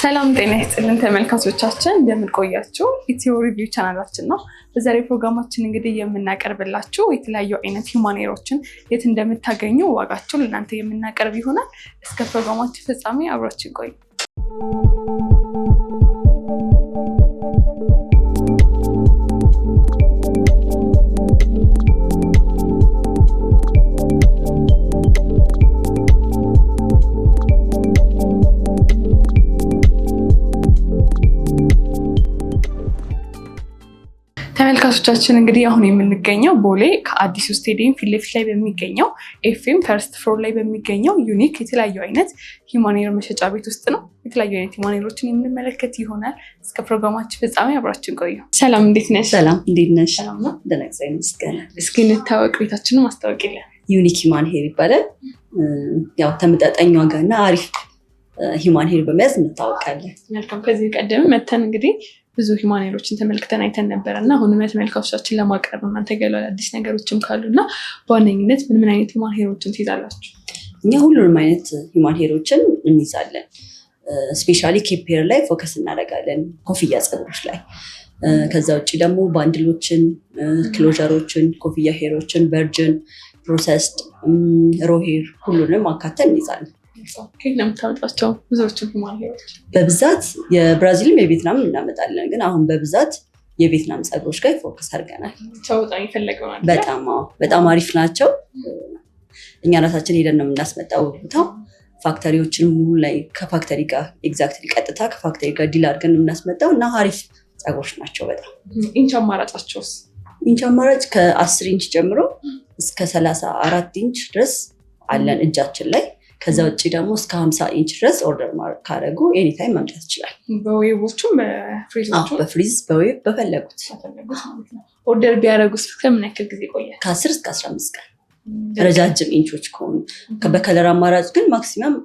ሰላም ጤና ይስጥልን ተመልካቾቻችን፣ እንደምን ቆያችሁ? ኢትዮ ሪቪው ቻናላችን ነው። በዛሬ ፕሮግራማችን እንግዲህ የምናቀርብላችሁ የተለያዩ አይነት ሂውማን የት እንደምታገኙ ዋጋቸው ለእናንተ የምናቀርብ ይሆናል። እስከ ፕሮግራማችን ፍጻሜ አብራችን ቆዩ። ተመልካቾቻችን እንግዲህ አሁን የምንገኘው ቦሌ ከአዲሱ ስቴዲየም ፊት ለፊት ላይ በሚገኘው ኤፍኤም ፈርስት ፍሎር ላይ በሚገኘው ዩኒክ የተለያዩ አይነት ሂማኔር መሸጫ ቤት ውስጥ ነው። የተለያዩ አይነት ሂማኔሮችን የምንመለከት ይሆናል። እስከ ፕሮግራማችን ፍጻሜ አብራችን ቆዩ። ሰላም፣ እንዴት ነሽ? ሰላም፣ እንዴት ነሽ? ሰላም ነው። ደነቅሳ ይመስገናል። እስኪ እንታወቅ፣ ቤታችንን ማስታወቅ ዩኒክ ሂማን ሄር ይባላል። ያው ተመጣጣኝ ዋጋና አሪፍ ሂማን ሄር በመያዝ እንታወቃለን። መልካም። ከዚህ ቀደም መተን እንግዲህ ብዙ ሂማኔሮችን ተመልክተን አይተን ነበረ እና አሁንም ለተመልካቾቻችን ለማቅረብ እናንተ ገሏል አዲስ ነገሮችም ካሉ እና በዋነኝነት ምን ምን አይነት ሂማን ሄሮችን ትይዛላችሁ? እኛ ሁሉንም አይነት ሂማን ሄሮችን እንይዛለን። ስፔሻሊ ኬፕር ላይ ፎከስ እናደርጋለን፣ ኮፍያ ፀጉሮች ላይ ከዛ ውጭ ደግሞ ባንድሎችን፣ ክሎጀሮችን፣ ኮፍያ ሄሮችን፣ ቨርጅን፣ ፕሮሰስድ፣ ሮሄር ሁሉንም አካተን እንይዛለን። ለምታመጣቸው ብዙዎቹ በብዛት የብራዚልም የቤትናም እናመጣለን፣ ግን አሁን በብዛት የቤትናም ጸጉሮች ጋር ፎከስ አድርገናል። በጣም በጣም አሪፍ ናቸው። እኛ ራሳችን ሄደን ነው የምናስመጣው ቦታው ፋክተሪዎችን ሙሉ ላይ ከፋክተሪ ጋር ኤግዛክትሊ ቀጥታ ከፋክተሪ ጋር ዲል አድርገን የምናስመጣው እና አሪፍ ጸጉሮች ናቸው። በጣም ኢንች አማራጫቸውስ? ኢንች አማራጭ ከአስር ኢንች ጀምሮ እስከ ሰላሳ አራት ኢንች ድረስ አለን እጃችን ላይ ከዛ ውጭ ደግሞ እስከ ሀምሳ ኢንች ድረስ ኦርደር ካደረጉ ኤኒታይም መምጣት ይችላል። በፍሪዝ በዌብ በፈለጉት ኦርደር ቢያደረጉ ከምን ያክል ጊዜ ቆያል? ከአስር እስከ አስራ አምስት ቀን ረጃጅም ኢንቾች ከሆኑ በከለር አማራጭ ግን ማክሲመም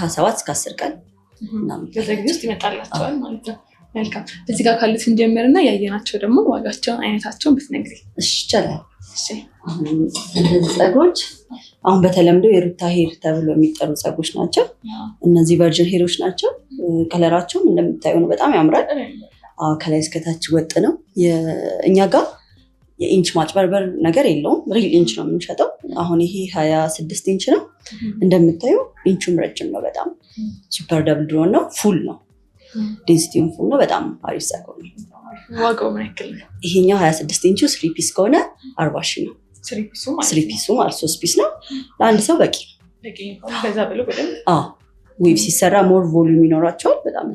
ከሰባት እስከ አስር ቀን በዛ ጊዜ ውስጥ ይመጣላቸዋል ማለት ነው። መልካም እዚህ ጋር ካሉት እንጀምርና ያየናቸው ደግሞ ዋጋቸውን አይነታቸውን ብትነግሪ ይቻላል። አሁን እነዚህ ፀጉሮች አሁን በተለምዶ የሩታ ሄር ተብሎ የሚጠሩ ፀጉሮች ናቸው። እነዚህ ቨርጅን ሄሮች ናቸው። ከለራቸውም እንደምታዩ ነው፣ በጣም ያምራል። ከላይ እስከታች ወጥ ነው። እኛ ጋር የኢንች ማጭበርበር ነገር የለውም። ሪል ኢንች ነው የምንሸጠው። አሁን ይሄ ሀያ ስድስት ኢንች ነው እንደምታዩ። ኢንቹም ረጅም ነው በጣም ሱፐር ደብል ድሮን ነው። ፉል ነው፣ ዴንሲቲውን ፉል ነው። በጣም አሪፍ ፀጉር ነው። ይሄኛው ሀያ ስድስት ኢንቹ ስሪ ፒስ ከሆነ አርባ ሺ ነው። ስሪፒሱ ማለት ሶስት ፒስ ነው። ለአንድ ሰው በቂ ነው። ዌብ ሲሰራ ሞር ቮሉም ይኖራቸዋል። በጣም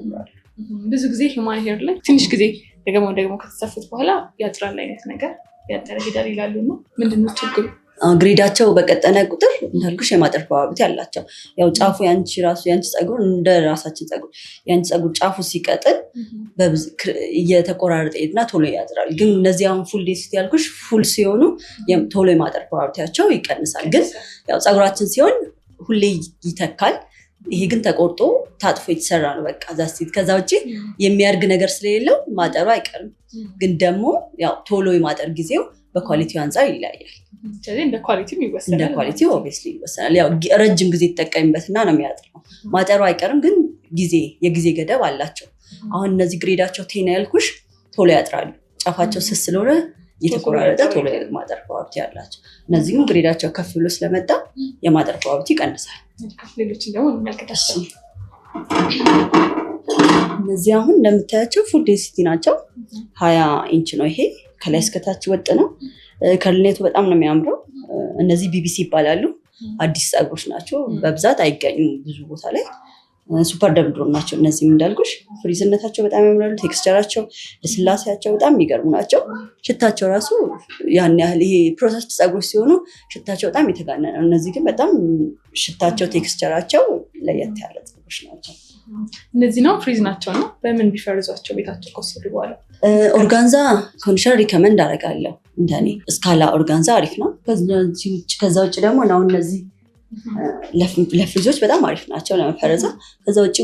ብዙ ጊዜ ሂማን ሄር ላይ ትንሽ ጊዜ ደግሞ ደግሞ ከተሰፉት በኋላ ያጥራል አይነት ነገር ያጠረ ሄዳል ይላሉ። ነው ምንድነው ችግሩ? ግሬዳቸው በቀጠነ ቁጥር እንዳልኩሽ የማጠር ፕሮባቢሊቲ ያላቸው ያው ጫፉ ያንቺ ራሱ ያንቺ ጸጉር እንደ ራሳችን ጸጉር ያንቺ ጸጉር ጫፉ ሲቀጥል እየተቆራረጠ ሄድና ቶሎ ያጥራል። ግን እነዚህ አሁን ፉል ዴንሲቲ ያልኩሽ ፉል ሲሆኑ ቶሎ የማጠር ፕሮባቢሊቲያቸው ይቀንሳል። ግን ያው ጸጉራችን ሲሆን ሁሌ ይተካል። ይሄ ግን ተቆርጦ ታጥፎ የተሰራ ነው። በቃ ዛስቲት ከዛ ውጭ የሚያርግ ነገር ስለሌለው ማጠሩ አይቀርም። ግን ደግሞ ያው ቶሎ የማጠር ጊዜው በኳሊቲው አንጻር ይለያያል። እንደ ኳሊቲ ኦብቪየስሊ ይወሰናል። ያው ረጅም ጊዜ ትጠቀሚበትና ነው የሚያጥረው። ማጠሩ አይቀርም ግን ጊዜ የጊዜ ገደብ አላቸው። አሁን እነዚህ ግሬዳቸው ቴና ያልኩሽ ቶሎ ያጥራሉ። ጫፋቸው ስስ ስለሆነ እየተቆራረጠ ቶሎ ማጠር ፓወርቲ ያላቸው እነዚህም ግሬዳቸው ከፍ ብሎ ስለመጣ የማጠር ፓወርቲ ይቀንሳል። እነዚህ አሁን እንደምታያቸው ፉል ዴንሲቲ ናቸው። ሀያ ኢንች ነው ይሄ ከላይ እስከታች ወጥ ነው። ከልኔቱ በጣም ነው የሚያምረው። እነዚህ ቢቢሲ ይባላሉ። አዲስ ጸጉሮች ናቸው። በብዛት አይገኙም ብዙ ቦታ ላይ። ሱፐር ደብድሮን ናቸው። እነዚህም እንዳልኩሽ ፍሪዝነታቸው በጣም ያምራሉ። ቴክስቸራቸው፣ ልስላሴያቸው በጣም የሚገርሙ ናቸው። ሽታቸው ራሱ ያን ያህል ይሄ ፕሮሰስድ ጸጉሮች ሲሆኑ ሽታቸው በጣም የተጋነ ነው። እነዚህ ግን በጣም ሽታቸው፣ ቴክስቸራቸው ለየት ያለ ጸጉሮች ናቸው። እነዚህ ነው ፍሪዝ ናቸው ነው። በምን ቢፈርዟቸው ቤታቸው ከወሰዱ በኋላ ኦርጋንዛ ኮንዲሽነር ሪከመንድ አደርጋለሁ። እንደኔ እስካላ ኦርጋንዛ አሪፍ ነው። ከዛ ውጭ ደግሞ ነው እነዚህ ለፍሪጆች በጣም አሪፍ ናቸው ለመፈረዛ። ከዛ ውጭ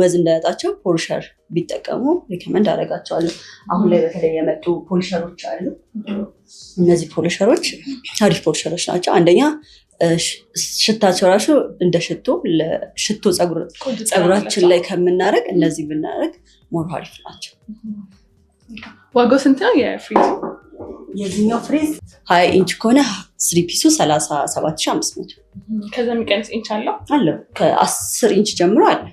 ወዝ እንዳያጣቸው ፖልሸር ቢጠቀሙ ሪከመንድ አደርጋቸዋለሁ። አሁን ላይ በተለይ የመጡ ፖልሸሮች አሉ። እነዚህ ፖልሸሮች አሪፍ ፖልሸሮች ናቸው። አንደኛ ሽታቸው ራሱ እንደ ሽቶ ለሽቶ ፀጉራችን ላይ ከምናደርግ እነዚህ ብናደርግ ሞር አሪፍ ናቸው። ዋጋው ስንት ነው የፍሪጅ? የዚህኛው ፍሬዝ ሀያ ኢንች ከሆነ ስሪ ፒሱ ሰላሳ ሰባት ሺ አምስት መቶ ከዛ የሚቀንስ ኢንች አለው አለው ከአስር ኢንች ጀምሮ አለ።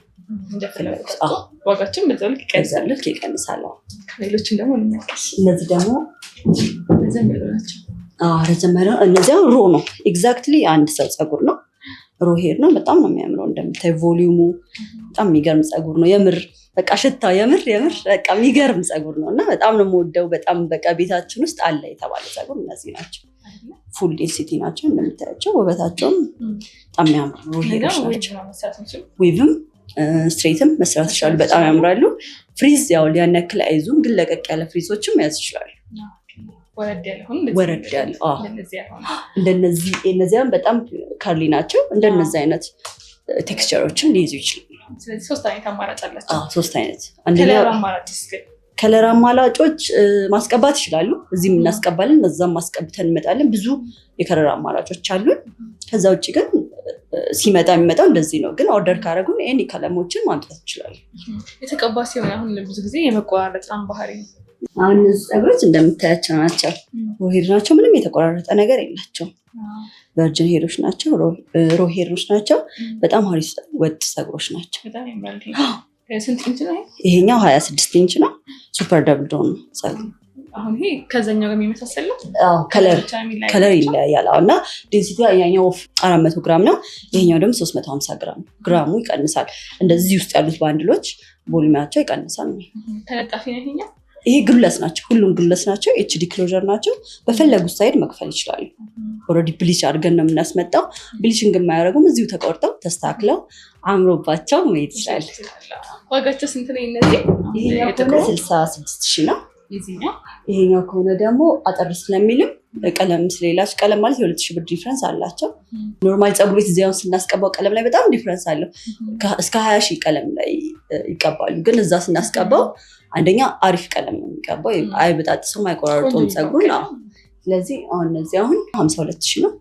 ዋጋችን በዛልክ ይቀንሳለሁ ይቀንሳለ። ከሌሎችን ደግሞ እንመልከት። እነዚህ ደግሞ ረዘም ያሉ ናቸው። ረዘም ያሉ እነዚያ ሮ ነው ኤግዛክትሊ አንድ ሰው ፀጉር ነው ሮሄር ነው። በጣም ነው የሚያምረው። እንደምታይ ቮሊዩሙ በጣም የሚገርም ፀጉር ነው። የምር በቃ ሽታ የምር የምር በቃ የሚገርም ፀጉር ነው እና በጣም ነው የምወደው። በጣም በቃ ቤታችን ውስጥ አለ የተባለ ፀጉር እነዚህ ናቸው። ፉል ዴንሲቲ ናቸው እንደምታያቸው። ውበታቸውም በጣም የሚያምሩ ሮሄሮች ናቸው። ዊቭም ስትሬትም መስራት ይችላሉ። በጣም ያምራሉ። ፍሪዝ ያው ያን ያክል አይዙም፣ ግን ለቀቅ ያለ ፍሪዞችም መያዝ ይችላሉ። ወረድ ያለ እንደነዚህ በጣም ከርሊ ናቸው። እንደነዚህ አይነት ቴክስቸሮችን ሊይዙ ይችላል። ሶስት አይነት ከለር አማራጮች ማስቀባት ይችላሉ። እዚህም እናስቀባለን፣ እዛም ማስቀብተን እንመጣለን። ብዙ የከለር አማራጮች አሉን። ከዛ ውጭ ግን ሲመጣ የሚመጣው እንደዚህ ነው። ግን ኦርደር ካደረጉን ይህን ቀለሞችን ማምጣት ይችላል። የተቀባ ሲሆን አሁን ብዙ ጊዜ የመቆራረጥ ባህሪ ነው አሁን እነዚህ ፀጉሮች እንደምታያቸው ናቸው። ሮሄር ናቸው። ምንም የተቆራረጠ ነገር የላቸው። ቨርጅን ሄሮች ናቸው። ሮሄሮች ናቸው። በጣም ሀሪስ ወጥ ፀጉሮች ናቸው። ይሄኛው ሀያ ስድስት ኢንች ነው። ሱፐር ደብል ዶን ነው ከለር ይለያያል እና ዴንሲቲ ያኛው አራት መቶ ግራም ነው። ይሄኛው ደግሞ ሶስት መቶ ሀምሳ ግራም ግራሙ ይቀንሳል። እንደዚህ ውስጥ ያሉት ባንድሎች ቦሊሚያቸው ይቀንሳል። ተለጣፊ ነው ይሄኛው ይሄ ግለስ ናቸው፣ ሁሉም ግለስ ናቸው። ኤችዲ ዲክሎዥር ናቸው። በፈለጉት ሳይድ መክፈል ይችላሉ። ኦልሬዲ ብሊች አድርገን ነው የምናስመጣው። ብሊችንግ የማያደርጉም እዚሁ ተቆርጠው ተስተካክለው አምሮባቸው መሄድ ይችላል። ዋጋቸው ስንት ነው? እነዚህ ይሄኛው ከሆነ ስልሳ ስድስት ሺ ነው። ይሄኛው ከሆነ ደግሞ አጠር ስለሚልም ቀለም ስለሌላቸው ቀለም ማለት የሁለት ሺህ ብር ዲፍረንስ አላቸው። ኖርማል ፀጉር ቤት እዚያውን ስናስቀባው ቀለም ላይ በጣም ዲፍረንስ አለው። እስከ ሀያ ሺህ ቀለም ላይ ይቀባሉ። ግን እዛ ስናስቀባው አንደኛ አሪፍ ቀለም ነው የሚቀባው፣ አይበጣጥስም፣ አይቆራርጦም ፀጉር ነው። ስለዚህ አሁን እነዚህ አሁን ሀምሳ ሁለት ሺህ ነው።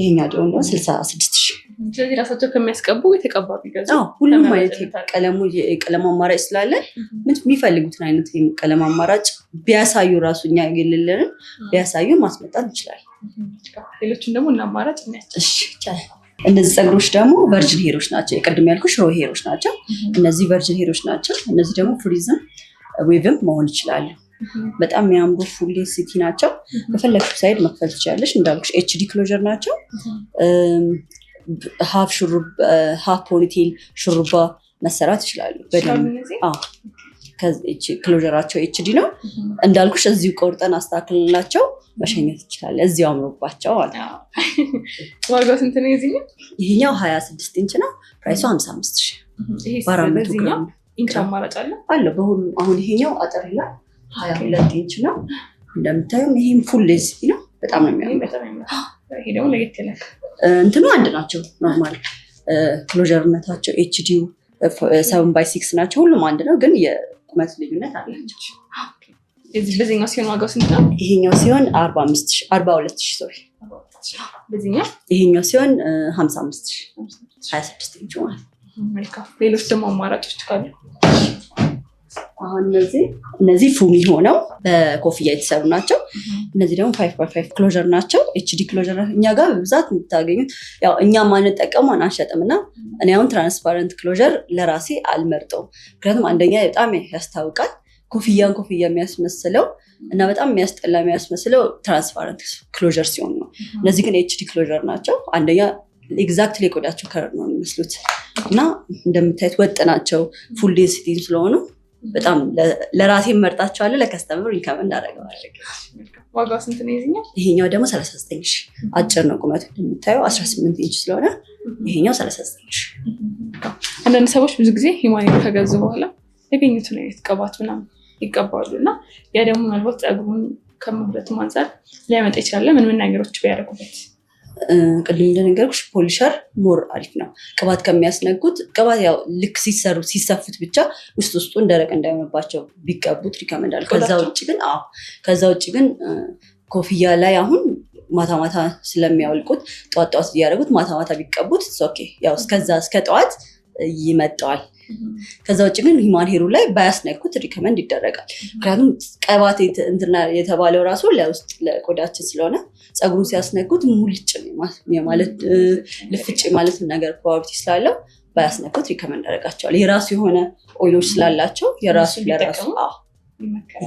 ይሄኛው ደግሞ ስልሳ ስድስት ሺ ስለዚህ ራሳቸው ከሚያስቀቡ የተቀባ ቢገዙ ሁሉም አይነት ቀለሙ የቀለም አማራጭ ስላለን የሚፈልጉትን አይነት ቀለም አማራጭ ቢያሳዩ ራሱ እኛ የሌለንን ቢያሳዩ ማስመጣት እንችላለን። ሌሎችን ደግሞ እና አማራጭ ይቻላል። እነዚህ ፀጉሮች ደግሞ ቨርጅን ሄሮች ናቸው። የቅድም ያልኩሽ ሮ ሄሮች ናቸው። እነዚህ ቨርጅን ሄሮች ናቸው። እነዚህ ደግሞ ፍሪዝም ዌቭም መሆን ይችላሉ። በጣም የሚያምሩ ፉሊ ሲቲ ናቸው። በፈለግሽ ሳይድ መክፈል ትችላለች። እንዳልኩሽ ኤችዲ ክሎጀር ናቸው። ሃፍ ፖኒቴል ሹሩባ መሰራት ይችላሉ። ክሎጀራቸው ኤችዲ ነው እንዳልኩሽ፣ እዚሁ ቆርጠን አስተካክልላቸው መሸኘት ይችላል። እዚሁ አምሮባቸው አለ። ዋጋው ስንት ነው? ይሄኛው ሀያ ስድስት ኢንች ነው። ፕራይሱ ሀምሳ አምስት ሺህ በአራት መቶ ግራም አማራጭ አለ። በሁሉም አሁን ይሄኛው አጠር ይላል ሀያ ሁለት ኢንች ነው እንደምታዩም፣ ይሄም ፉል ሌንስ ነው። በጣም ነው የሚያምረው። እንትኑ አንድ ናቸው። ኖርማል ክሎጀርነታቸው ኤችዲው ሰቨን ባይ ሲክስ ናቸው። ሁሉም አንድ ነው፣ ግን የቁመት ልዩነት አላቸው። በዚህኛው ሲሆን ዋጋው ስንት ነው? ይሄኛው ሲሆን አርባ ሁለት ሺህ ሶሪ። ይሄኛው ሲሆን ሀምሳ አምስት ሺህ ሀያ ስድስት ኢንች ማለት ነው። ሌሎች ደግሞ አማራጮች ካሉ አሁን እነዚህ እነዚህ ፉሚ ሆነው በኮፍያ የተሰሩ ናቸው። እነዚህ ደግሞ ፋይቭ ባይ ፋይቭ ክሎዥር ናቸው። ኤችዲ ክሎዥር እኛ ጋር በብዛት የምታገኙት ያው እኛ ማንጠቀሙ አንሸጥም እና እኔ አሁን ትራንስፓረንት ክሎዥር ለራሴ አልመርጠውም። ምክንያቱም አንደኛ በጣም ያስታውቃል ኮፍያን ኮፍያ የሚያስመስለው እና በጣም የሚያስጠላ የሚያስመስለው ትራንስፓረንት ክሎዥር ሲሆን ነው። እነዚህ ግን ኤችዲ ክሎዥር ናቸው። አንደኛ ኤግዛክትሊ የቆዳቸው ከረር ነው የሚመስሉት እና እንደምታዩት ወጥ ናቸው። ፉል ዴንሲቲ ስለሆኑ በጣም ለራሴ መርጣቸዋለሁ። ለከስተምር ኢንከም እናደርገዋለን። ዋጋው ስንት ነው ይዝኛል? ይሄኛው ደግሞ 39 ዘጠኝ አጭር ነው ቁመቱ እንደምታየው 18 ኢንች ስለሆነ ይሄኛው 39 ዘጠኝ አንዳንድ ሰዎች ብዙ ጊዜ ሂማኒ ከገዙ በኋላ ያገኙትን አይነት ቅባት ምናምን ይቀባሉ እና ያ ደግሞ ምናልባት ጸጉሩን ከመብረቱ አንጻር ሊያመጣ ይችላለ ምን ምን ነገሮች ቢያደርጉበት ቅድም እንደነገርኩሽ ፖሊሸር ሞር አሪፍ ነው። ቅባት ከሚያስነጉት ቅባት ያው ልክ ሲሰሩ ሲሰፉት ብቻ ውስጥ ውስጡ ደረቅ እንዳይሆንባቸው ቢቀቡት ሪከመንዳል። ከዛ ውጭ ግን ከዛ ውጭ ግን ኮፍያ ላይ አሁን ማታ ማታ ስለሚያወልቁት ጠዋት ጠዋት እያደረጉት ማታ ማታ ቢቀቡት ኦኬ። ያው እስከዛ እስከ ጠዋት ይመጣዋል። ከዛ ውጭ ግን ሂማን ሄሩ ላይ ባያስ ሪከመንድ ይደረጋል። ምክንያቱም ቀባት የተባለው ራሱ ለውስጥ ለቆዳችን ስለሆነ ፀጉሩን ሲያስነኩት ሙልጭ ማለት ልፍጭ ማለት ነገር ፕሮባብቲ ስላለው ባያስነኩት ሪከመንድ ያደርጋቸዋል። የራሱ የሆነ ኦይሎች ስላላቸው የራሱ ለራሱ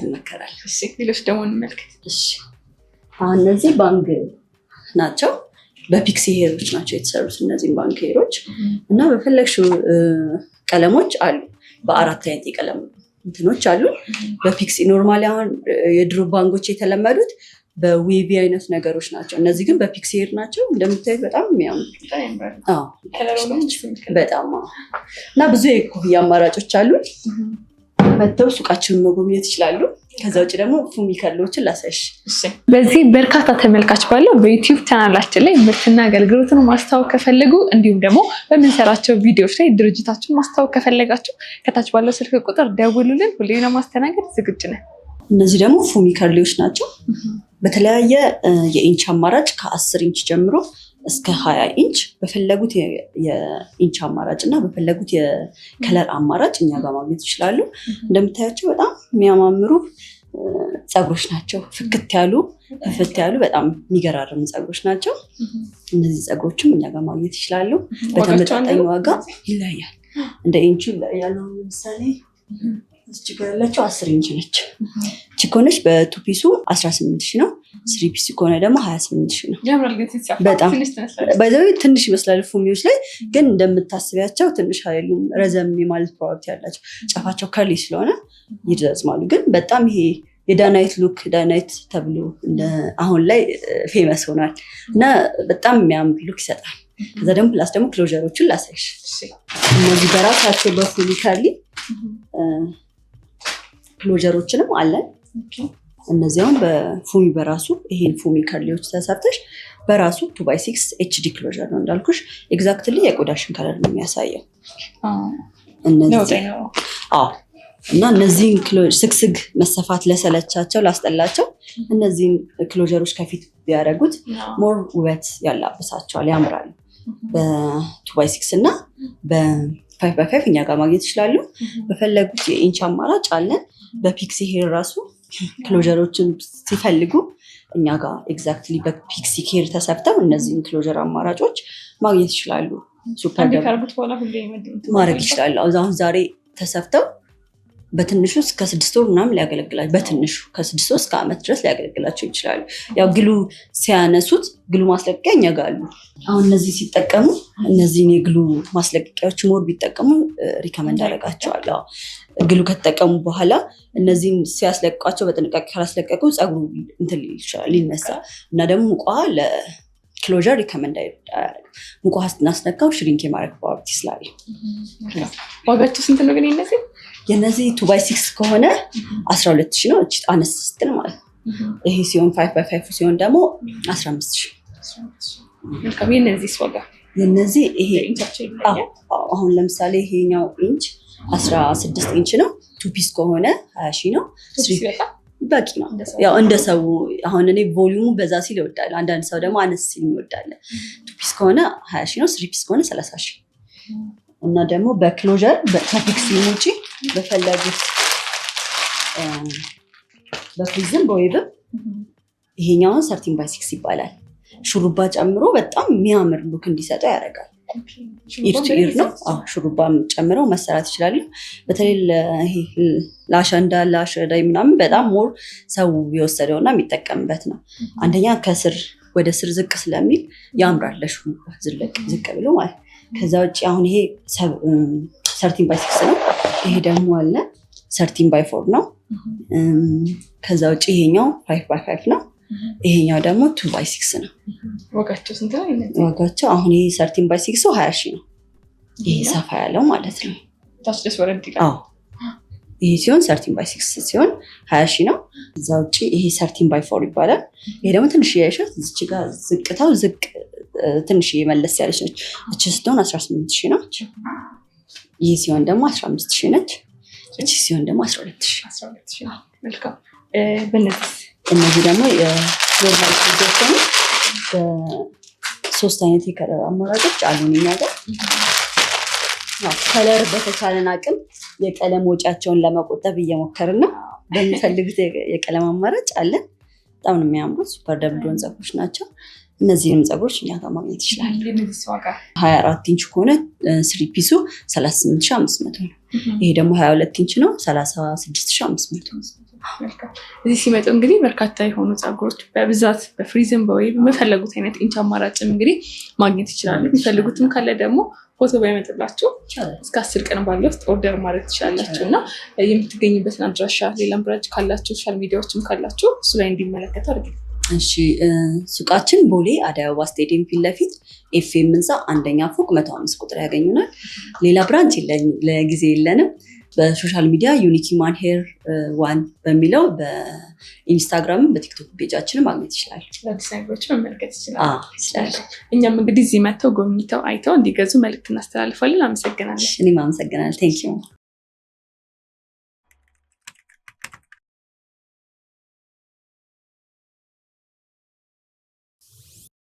ይመከራል። ሌሎች ደግሞ እንመልከት። እነዚህ ባንግ ናቸው። በፒክሲ ሄሮች ናቸው የተሰሩት እነዚህም ባንክ ሄሮች እና በፈለግሽው ቀለሞች አሉ። በአራት አይነት የቀለም እንትኖች አሉ። በፒክሲ ኖርማሊ አሁን የድሮ ባንጎች የተለመዱት በዌቪ አይነት ነገሮች ናቸው። እነዚህ ግን በፒክሲ ናቸው። እንደምታዩት በጣም የሚያምሩ በጣም እና ብዙ የኮፍያ አማራጮች አሉ። መጥተው ሱቃችንን መጎብኘት ይችላሉ። ከዛ ውጭ ደግሞ ፉሚከሎችን ላሳይሽ። በዚህ በርካታ ተመልካች ባለው በዩቲዩብ ቻናላችን ላይ ምርትና አገልግሎትን ማስታወቅ ከፈለጉ እንዲሁም ደግሞ በምንሰራቸው ቪዲዮዎች ላይ ድርጅታችን ማስታወቅ ከፈለጋችሁ ከታች ባለው ስልክ ቁጥር ደውሉልን። ሁሌ ለማስተናገድ ዝግጁ ነን። እነዚህ ደግሞ ፉሚከሎች ናቸው። በተለያየ የኢንች አማራጭ ከአስር ኢንች ጀምሮ እስከ 20 ኢንች በፈለጉት የኢንች አማራጭ እና በፈለጉት የከለር አማራጭ እኛ ጋር ማግኘት ይችላሉ። እንደምታያቸው በጣም የሚያማምሩ ፀጉሮች ናቸው። ፍክት ያሉ ፍት ያሉ በጣም የሚገራርሙ ፀጉሮች ናቸው። እነዚህ ፀጉሮችም እኛ ጋር ማግኘት ይችላሉ። በተመጣጣኝ ዋጋ ይለያል፣ እንደ ኢንቹ ይለያል። ለምሳሌ እዚህ ጋር ያለችው አስር ኢንች ነች። እቺ ከሆነች በቱ ፒሱ አስራ ስምንት ሺ ነው። ስሪ ፒስ ከሆነ ደግሞ ሀያ ስምንት ሺ ነው። በጣም ትንሽ ይመስላል ፉሚዎች ላይ ግን እንደምታስቢያቸው ትንሽ አይሉም። ረዘም የማለት ፕሮባብቲ ያላቸው ጫፋቸው ከሊ ስለሆነ ይረዝማሉ። ግን በጣም ይሄ የዳናይት ሉክ ዳናይት ተብሎ አሁን ላይ ፌመስ ሆኗል እና በጣም የሚያምር ሉክ ይሰጣል። ከዛ ደግሞ ፕላስ ደግሞ ክሎጀሮችን ላሳይሽ እነዚህ በራሳቸው በፉሊ ካርሊ ክሎጀሮችንም አለን። እነዚያውም በፉሚ በራሱ ይሄን ፉሚ ከርሊዎች ተሰርተሽ በራሱ ቱ ባይ ሲክስ ኤችዲ ክሎጀር ነው እንዳልኩሽ። ኤግዛክትሊ የቆዳሽን ከለር ነው የሚያሳየው። እና እነዚህን ስግስግ መሰፋት ለሰለቻቸው ላስጠላቸው እነዚህን ክሎጀሮች ከፊት ቢያደርጉት ሞር ውበት ያላብሳቸዋል፣ ያምራሉ። በቱ ባይ ሲክስ እና በፋይፍ ባይ እኛ ጋር ማግኘት ይችላሉ። በፈለጉት የኢንች አማራጭ አለን። በፒክሲ ሄር ራሱ ክሎጀሮችን ሲፈልጉ እኛ ጋር ኤግዛክትሊ በፒክሲ ሄር ተሰብተው እነዚህን ክሎጀር አማራጮች ማግኘት ይችላሉ። ማድረግ ይችላሉ። አሁን ዛሬ ተሰፍተው በትንሹ እስከ ስድስት ወር ምናምን ሊያገለግላቸው በትንሹ ከስድስት ወር እስከ ዓመት ድረስ ሊያገለግላቸው ይችላሉ። ያው ግሉ ሲያነሱት ግሉ ማስለቀቂያ እኛ ጋር አሉ። አሁን እነዚህ ሲጠቀሙ እነዚህን የግሉ ማስለቀቂያዎች ሞር ቢጠቀሙ ሪከመንድ አደርጋቸዋለሁ። ግሉ ከተጠቀሙ በኋላ እነዚህም ሲያስለቅቋቸው በጥንቃቄ ካላስለቀቁ ጸጉሩ እንትን ይችላል ሊነሳ እና ደግሞ ሙቋ ክሎዥር ሪከመንድ ሙቋ ስናስነካው ሽሪንክ የማድረግ ፓወርቲ ስላለ ዋጋቸው ስንት ነው ግን እነዚህ የነዚህ ቱ ባይ ሲክስ ከሆነ አስራ ሁለት ሺ ነው አነስ ስትል ማለት ነው። ይሄ ሲሆን ፋይቭ ባይ ፋይቭ ሲሆን ደግሞ አስራ አምስት ሺ የነዚህ ይሄ አሁን ለምሳሌ ይሄኛው ኢንች አስራ ስድስት ኢንች ነው። ቱ ፒስ ከሆነ ሀያ ሺ ነው። በቂ ነው። ያው እንደ ሰው አሁን እኔ ቮሊሙ በዛ ሲል ይወዳል። አንዳንድ ሰው ደግሞ አነስ ሲል ይወዳል። ቱ ፒስ ከሆነ ሀያ ሺ ነው። ስሪ ፒስ ከሆነ ሰላሳ ሺ እና ደግሞ በክሎዥር ከፊክሲንግ ውጪ በፈለጉት በፍሪዝም በወይብም ይሄኛውን ሰርቲን ባይ ሲክስ ይባላል። ሹሩባ ጨምሮ በጣም የሚያምር ሉክ እንዲሰጠው ያደርጋል። ኢርቱኢር ነው። ሹሩባ ጨምረው መሰራት ይችላሉ። በተለይ ለአሸንዳ ለአሸዳይ ምናምን በጣም ሞር ሰው የወሰደው እና የሚጠቀምበት ነው። አንደኛ ከስር ወደ ስር ዝቅ ስለሚል ያምራል። ለሹሩባ ዝቅ ብሎ ማለት ከዛ ውጭ አሁን ይሄ ሰርቲን ባይ ሲክስ ነው። ይሄ ደግሞ አለ ሰርቲን ባይ ፎር ነው። ከዛ ውጭ ይሄኛው ፋይቭ ባይ ፋይቭ ነው። ይሄኛው ደግሞ ቱ ባይ ሲክስ ነው። ዋጋቸው ስንት ነው? ዋጋቸው አሁን ይሄ ሰርቲን ባይ ሲክስ ሀያ ሺ ነው። ይሄ ሰፋ ያለው ማለት ነው። ይሄ ሲሆን ሰርቲን ባይ ሲክስ ሲሆን ሀያ ሺ ነው። እዛ ውጭ ይሄ ሰርቲን ባይ ፎር ይባላል። ይሄ ደግሞ ትንሽ ያይሻት ጋር ዝቅታው ዝቅ ትንሽ መለስ ያለች ነች። እች ስትሆን አስራ ስምንት ሺህ ነች። ይህ ሲሆን ደግሞ አስራ አምስት ሺህ ነች። እች ሲሆን ደግሞ አስራ ሁለት እነዚህ ደግሞ የኖርማል ሶጆች ሆኑ በሶስት አይነት የከለር አማራጮች አሉን የሚያገር ከለር በተቻለን አቅም የቀለም ወጪያቸውን ለመቆጠብ እየሞከርን ነው። በሚፈልጉት የቀለም አማራጭ አለን። በጣም ነው የሚያምሩት። ሱፐር ደብዶን ፀጉሮች ናቸው። እነዚህንም ፀጉሮች እኛ ጋር ማግኘት ይችላል። ሀያ አራት ኢንች ከሆነ ስሪ ፒሱ ሰላሳ ስምንት ሺ አምስት መቶ ነው። ይሄ ደግሞ ሀያ ሁለት ኢንች ነው፣ ሰላሳ ስድስት ሺ አምስት መቶ እዚህ ሲመጡ እንግዲህ በርካታ የሆኑ ፀጉሮች በብዛት በፍሪዝም በወይ በመፈለጉት አይነት ኢንች አማራጭም እንግዲህ ማግኘት ይችላሉ። የሚፈልጉትም ካለ ደግሞ ፎቶ ባይመጥላችሁ እስከ አስር ቀን ባለ ውስጥ ኦርደር ማድረግ ትችላላችሁ እና የምትገኝበትን አድራሻ ሌላም ብራንች ካላችሁ ሶሻል ሚዲያዎችም ካላችሁ እሱ ላይ እንዲመለከቱ አድርግ። እሺ ሱቃችን ቦሌ አደይ አበባ ስቴዲየም ፊት ለፊት ኤፍኤም ህንፃ አንደኛ ፎቅ መቶ አምስት ቁጥር ያገኙናል። ሌላ ብራንች ለጊዜ የለንም። በሶሻል ሚዲያ ዩኒክ ማን ሄር ዋን በሚለው በኢንስታግራም በቲክቶክ ፔጃችን ማግኘት ይችላል። ዲዛይኖች መመልከት ይችላል። እኛም እንግዲህ እዚህ መጥተው ጎብኝተው አይተው እንዲገዙ መልዕክት እናስተላልፋለን። አመሰግናለን። እኔም አመሰግናለሁ። ቴንኪው